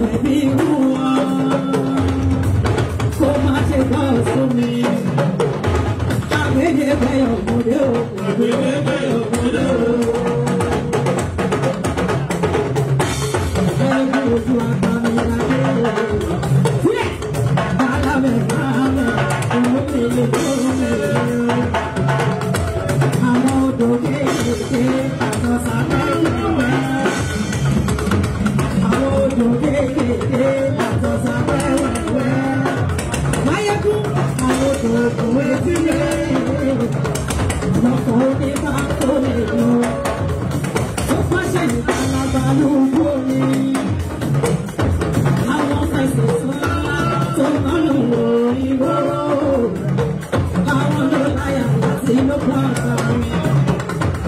pẹ̀lú irú wọn kó má ṣe gbọ́ sún mi. àgbẹ̀dẹ̀ bẹ̀yọ̀ kò dé o. àgbẹ̀dẹ̀ bẹ̀yọ̀.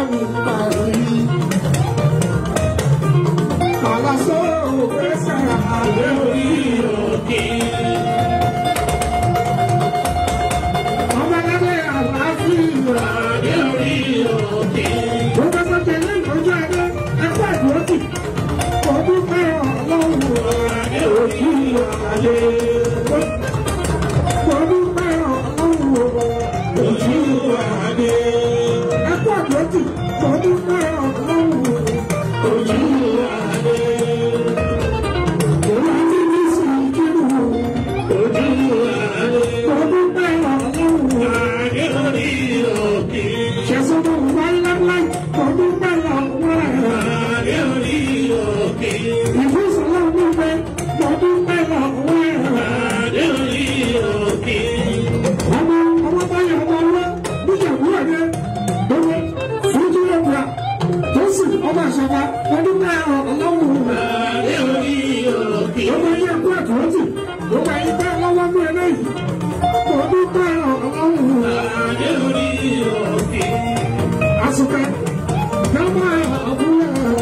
Hallelujah. do. bàbá wọn bá ọlọ́run rẹ̀. ààrẹ orí òkè. ó máa yẹ kó àtúntì ó máa yẹ bá lọ́wọ́ mú ẹ lẹ́yìn. wọn ní bá ọlọ́run rẹ̀. ààrẹ orí òkè. àsùnkà dábà àbúrò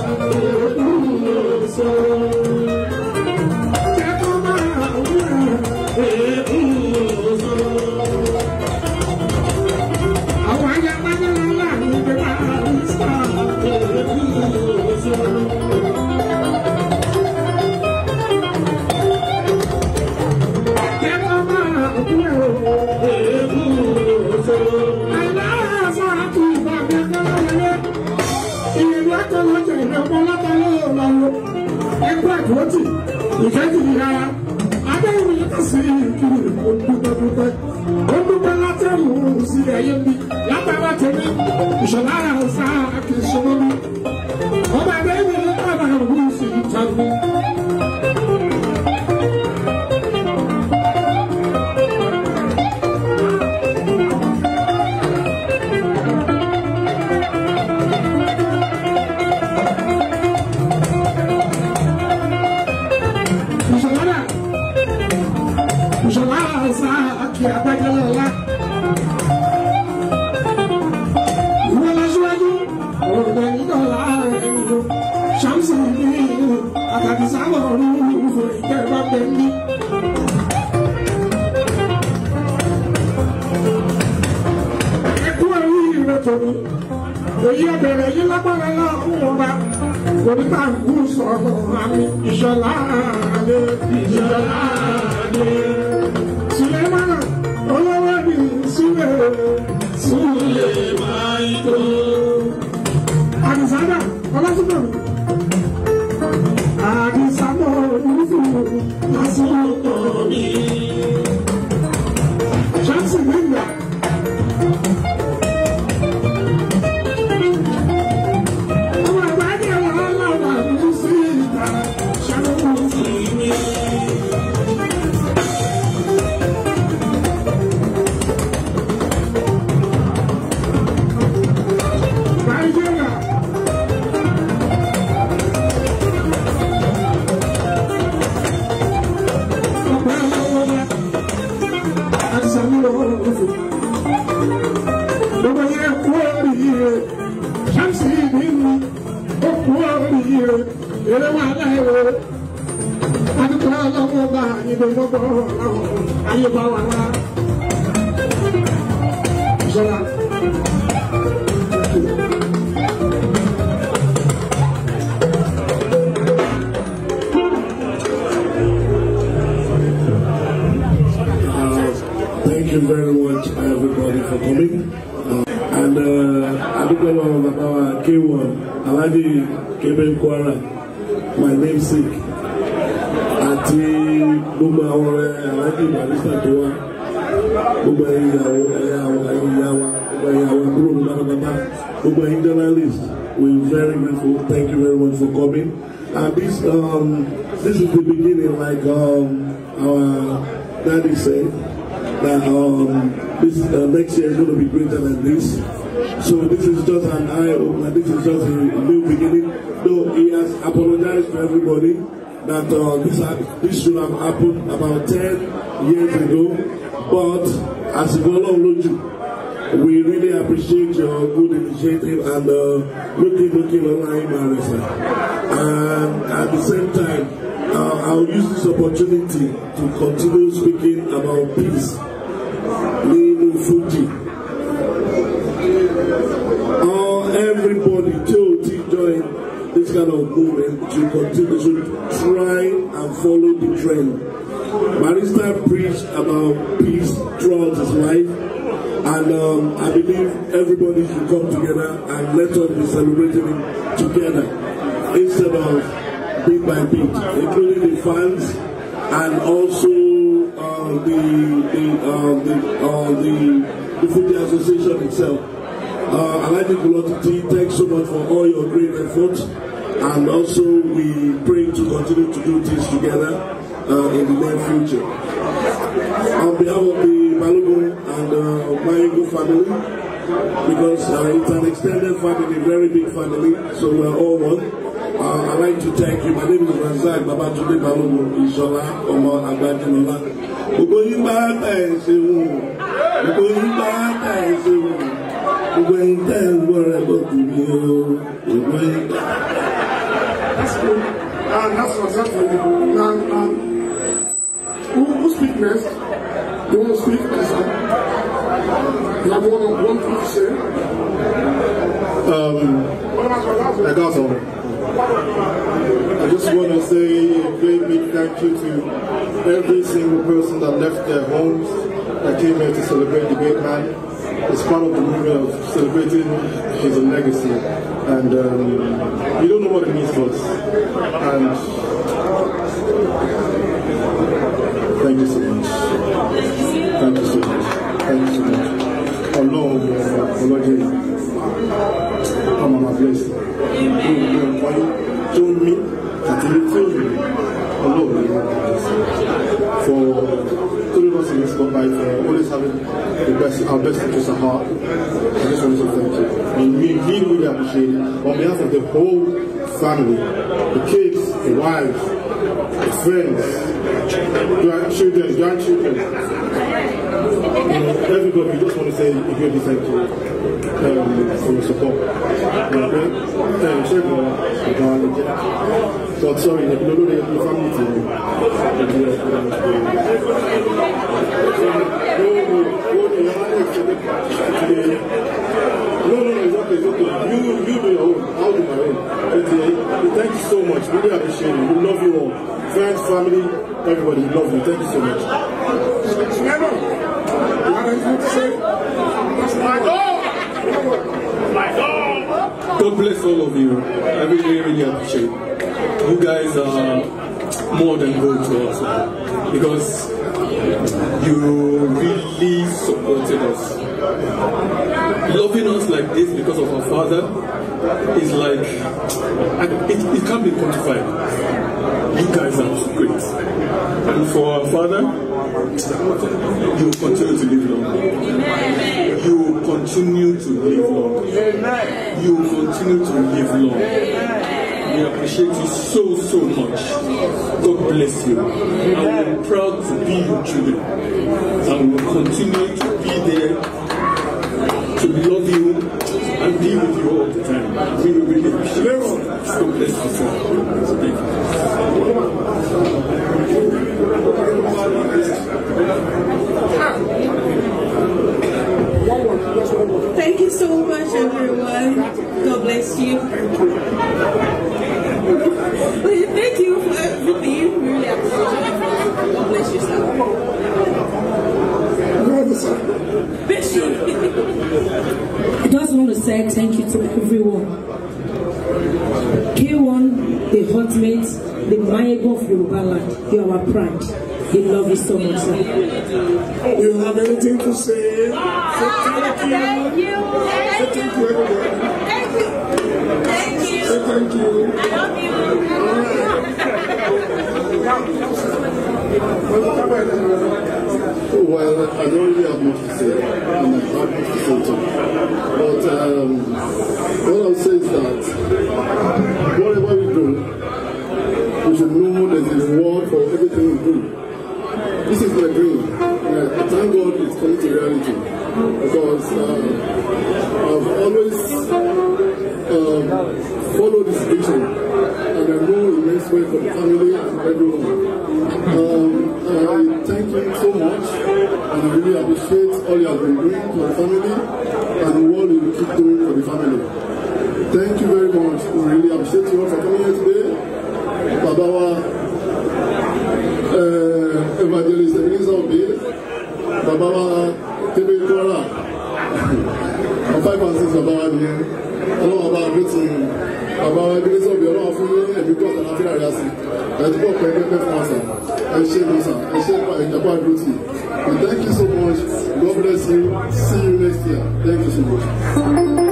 òkú sọ. dábà àbúrò òkú sọ. àwọn ayé forty ìkẹ́jì ní rárá abẹ́rẹ́ mi yàtọ̀ sí ìkiri ó dúpẹ́ dúpẹ́ ó dúpẹ́ látẹ̀mú sí ẹ̀yẹ́ mi látara tẹ̀lé ìṣọ̀lára. sá àti àgbájálẹ̀ ọ̀la. Ìwé lọ́síwájú, òògùn ẹ̀yìn dọ̀la ẹ̀yìn ló. Ṣàmùsà ní ìlú, àtàkì sábà ọ̀run ìwúfò ìjẹ́rìbá bẹ̀ ń bí. Ẹkú ẹ̀rí ìrẹ̀ tòmí. Èyí Thank you very much, everybody, for coming. Uh, and uh, Abikwala of our K1, Aladi Kebe Kwara, my namesake. àti gbogbo àwọn ọ̀rẹ́ aláàjì barista tó wá gbogbo ìyàwó ẹ̀yàwó ẹ̀yàwó gbogbo ìyàwó àbúrò mi pátápátá gbogbo ẹ̀yin journalist we very grateful thank you very much for coming and this um, this is the beginning like um, our daddy said that um, this uh, next year is going to be greater than this. So this is just an eye opener. This is just a new beginning. Though he has apologized to everybody that uh, this, this should have happened about 10 years ago. But as Loju, we really appreciate your good initiative and uh, looking, looking online, Marisa. And at the same time, uh, I'll use this opportunity to continue speaking about peace. Nino Fuji. this kind of movement to continue to try and follow the trend. Barista preached about peace throughout his life. And um, I believe everybody should come together and let us be celebrating it together instead of bit by bit, including the fans and also uh, the the uh, the, uh, the, the football association itself. Uh, I'd like to thank you so much for all your great efforts. and also we pray to continue to do things together uh, in the near future. On behalf of the Balogun and uh, Mayengo family, because uh, it's an extended family, very big family, so we're all one. Uh, I'd like to thank you. My name is Razak Babatunde Balogun Isola Omo Agbadinola. Gbogbo yín bá ta ẹ̀sìn wù. Gbogbo yín bá ta ẹ̀sìn wù. Gbogbo yín tẹ̀ ń gbọ́ rẹ̀ bọ̀ tù mí o. Gbogbo yín bá ta ẹ̀sìn wù. and that's unacceptable. And, and who, who speak next? You want to speak, You have one, one thing to say? Um, I got some. I just want to say a great big thank you to every single person that left their homes that came here to celebrate the great man. It's part of the movement of celebrating his legacy and um, you don't know what it means for us. And thank you so much. Thank you so much. Thank you so much. Ọlọ́run ọlọ́jẹ́ yìí, ọmọ máa bless. Gbogbo ẹ̀kọ́ You tó ń mí àti ní tí òun ọlọ́run yìí máa bless. For three of us in this combine, for always having the best, our best interests at heart big William Mushiri on behalf of the whole family, the kids, the wives, the friends, grandchildren, grandchildren. You know, everybody, we just want to say a great thank you um, for your support. So I'm sorry, the family to you. Thank you. family, everybody. We love you. Thank you so much. Remember, you have anything to say? my dog. My dog. God bless all of you. I really, really appreciate You guys are more than good to us because you really supported us loving us like this because of our Father is like, it, it can't be quantified. You guys are great. And for our Father, you continue to live long. You continue to live long. You continue to live long. We appreciate you so, so much. God bless you. I am proud to be your children. And we'll continue to be there. to everyone. K1, the hot mate, the Mayego of Yoruba land. You are our pride. We love you so much, sir. You have anything to say? so thank you. Thank you. Thank you. Thank you. Thank you. thank you. I love you. I love you well, I don't really have much to say, and I've much to say too. But um, what I'll say is that whatever we do, we should know there's a reward for everything we do. This is my dream, and thank God it's coming to reality. Because um, I've always um, followed this vision, and I know it makes way for the family and everyone. Um, and we really appreciate all you have been doing for the family and the world you keep doing for the family. Thank you very much. We really appreciate you all for coming here today. Babawa wa uh, evangelist Ebenezer Obi, Baba wa Tebe Kora, ọ̀fẹ́ ìpàṣẹ ìjọba wa nìyẹn, here. Hello, a bí bàbá wa ẹgbẹ́ sọ̀bì ọlọ́run fún ẹ̀mí pọ̀ tán láti rárá sí ẹ ti pọ̀ pẹ́ pẹ́pẹ́ fún ọ̀sán ẹ ṣe mi sàn ẹ ṣe pa ìjàpá àdúrótì we thank you so much God bless you see you next year thank you so much.